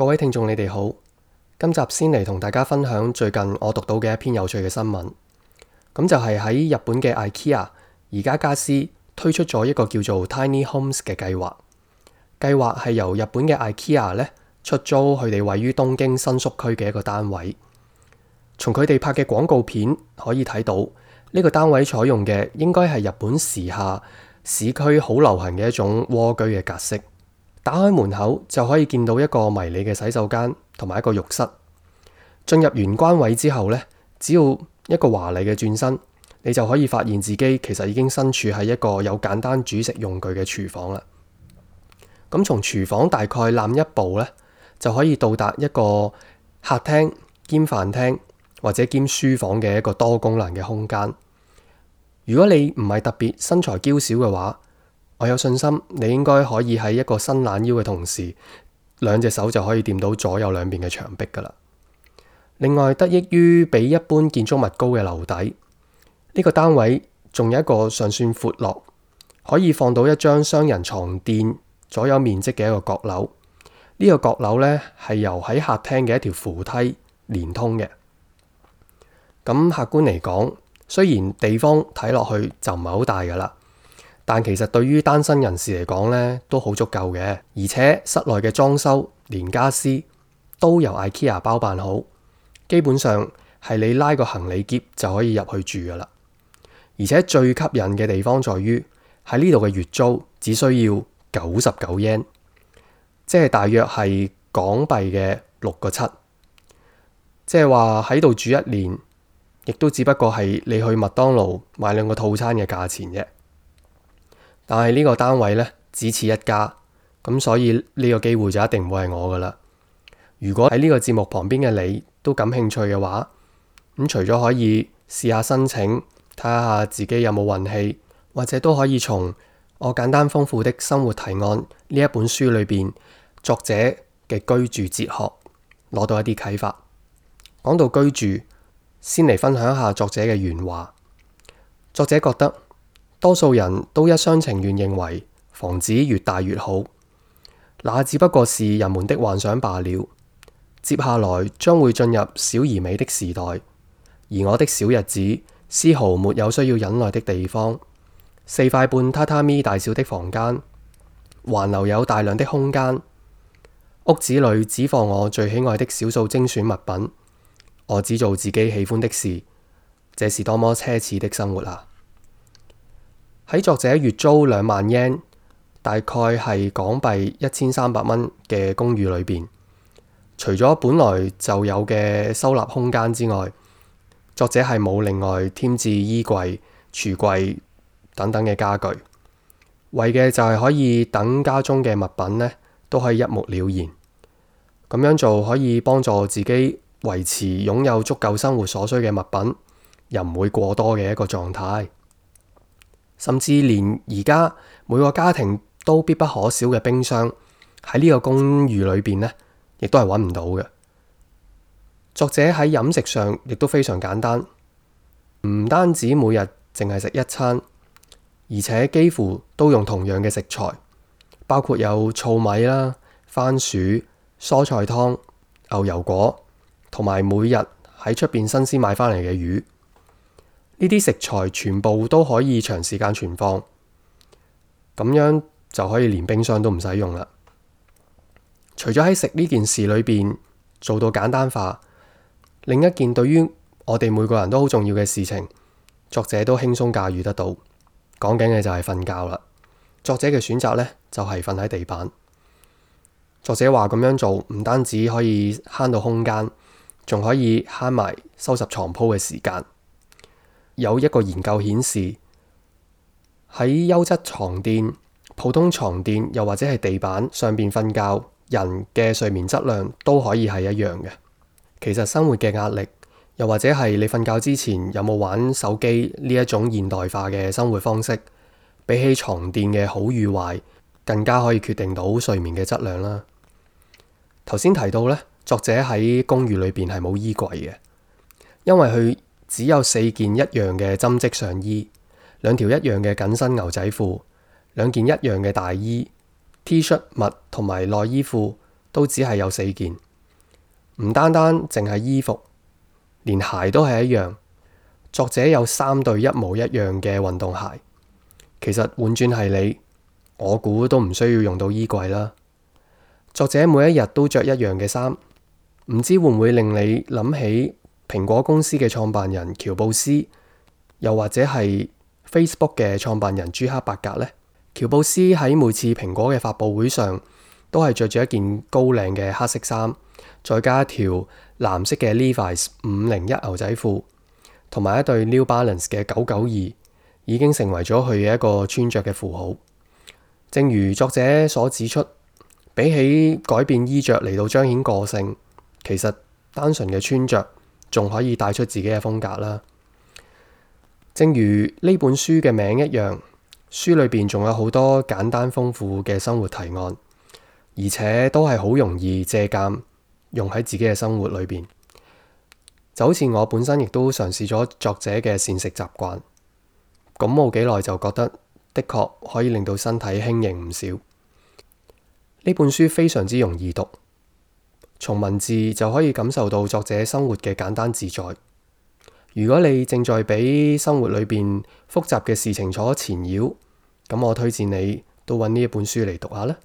各位聽眾，你哋好。今集先嚟同大家分享最近我讀到嘅一篇有趣嘅新聞。咁就係喺日本嘅 IKEA 宜家家私推出咗一個叫做 Tiny Homes 嘅計劃。計劃係由日本嘅 IKEA 咧出租佢哋位於東京新宿區嘅一個單位。從佢哋拍嘅廣告片可以睇到，呢、這個單位採用嘅應該係日本時下市區好流行嘅一種蝸居嘅格式。打開門口就可以見到一個迷你嘅洗手間同埋一個浴室。進入玄關位之後咧，只要一個華麗嘅轉身，你就可以發現自己其實已經身處喺一個有簡單煮食用具嘅廚房啦。咁從廚房大概攬一步咧，就可以到達一個客廳兼飯廳或者兼書房嘅一個多功能嘅空間。如果你唔係特別身材嬌小嘅話，我有信心，你應該可以喺一個伸懶腰嘅同時，兩隻手就可以掂到左右兩邊嘅牆壁噶啦。另外，得益於比一般建築物高嘅樓底，呢、這個單位仲有一個尚算闊落，可以放到一張雙人床墊左右面積嘅一個閣樓。呢、這個閣樓呢，係由喺客廳嘅一條扶梯連通嘅。咁客觀嚟講，雖然地方睇落去就唔係好大噶啦。但其實對於單身人士嚟講咧，都好足夠嘅。而且室內嘅裝修連家私都由 IKEA 包辦好，基本上係你拉個行李篋就可以入去住噶啦。而且最吸引嘅地方在於喺呢度嘅月租只需要九十九日圓即係大約係港幣嘅六個七。即係話喺度住一年，亦都只不過係你去麥當勞買兩個套餐嘅價錢啫。但係呢個單位呢，只此一家，咁所以呢個機會就一定唔會係我㗎喇。如果喺呢個節目旁邊嘅你都感興趣嘅話，咁除咗可以試下申請，睇下自己有冇運氣，或者都可以從我簡單豐富的生活提案呢一本書裏邊，作者嘅居住哲學攞到一啲啟發。講到居住，先嚟分享一下作者嘅原話。作者覺得，多數人都一廂情願認為房子越大越好，那只不過是人們的幻想罷了。接下來將會進入小而美的時代，而我的小日子絲毫沒有需要忍耐的地方。四塊半榻榻米大小的房間，還留有大量的空間。屋子裏只放我最喜愛的少數精選物品，我只做自己喜歡的事。這是多麼奢侈的生活啊！喺作者月租兩萬日圓，大概係港幣一千三百蚊嘅公寓裏邊，除咗本來就有嘅收納空間之外，作者係冇另外添置衣櫃、櫥櫃等等嘅家具，為嘅就係可以等家中嘅物品呢都可以一目了然。咁樣做可以幫助自己維持擁有足夠生活所需嘅物品，又唔會過多嘅一個狀態。甚至連而家每個家庭都必不可少嘅冰箱喺呢個公寓裏邊呢，亦都係揾唔到嘅。作者喺飲食上亦都非常簡單，唔單止每日淨係食一餐，而且幾乎都用同樣嘅食材，包括有糙米啦、番薯、蔬菜湯、牛油果，同埋每日喺出邊新鮮買翻嚟嘅魚。呢啲食材全部都可以長時間存放，咁樣就可以連冰箱都唔使用啦。除咗喺食呢件事裏邊做到簡單化，另一件對於我哋每個人都好重要嘅事情，作者都輕鬆駕馭得到。講緊嘅就係瞓覺啦。作者嘅選擇呢就係瞓喺地板。作者話咁樣做唔單止可以慳到空間，仲可以慳埋收拾床鋪嘅時間。有一個研究顯示，喺優質床墊、普通床墊又或者係地板上邊瞓覺，人嘅睡眠質量都可以係一樣嘅。其實生活嘅壓力，又或者係你瞓覺之前有冇玩手機呢一種現代化嘅生活方式，比起床墊嘅好與壞，更加可以決定到睡眠嘅質量啦。頭先提到呢，作者喺公寓裏邊係冇衣櫃嘅，因為佢。只有四件一樣嘅針織上衣，兩條一樣嘅緊身牛仔褲，兩件一樣嘅大衣、T 恤襪同埋內衣褲，都只係有四件。唔單單淨係衣服，連鞋都係一樣。作者有三對一模一樣嘅運動鞋。其實換轉係你，我估都唔需要用到衣櫃啦。作者每一日都着一樣嘅衫，唔知會唔會令你諗起？蘋果公司嘅創辦人喬布斯，又或者係 Facebook 嘅創辦人朱克伯格呢，喬布斯喺每次蘋果嘅發佈會上，都係着住一件高領嘅黑色衫，再加一條藍色嘅 Levi’s 五零一牛仔褲，同埋一對 New Balance 嘅九九二，已經成為咗佢嘅一個穿着嘅符號。正如作者所指出，比起改變衣着嚟到彰顯個性，其實單純嘅穿着。仲可以帶出自己嘅風格啦，正如呢本書嘅名一樣，書裏邊仲有好多簡單豐富嘅生活提案，而且都係好容易借鑑用喺自己嘅生活裏邊。就好似我本身亦都嘗試咗作者嘅膳食習慣，噉冇幾耐就覺得，的確可以令到身體輕盈唔少。呢本書非常之容易讀。從文字就可以感受到作者生活嘅簡單自在。如果你正在畀生活裏面複雜嘅事情所纏繞，咁我推薦你都揾呢一本書嚟讀下啦。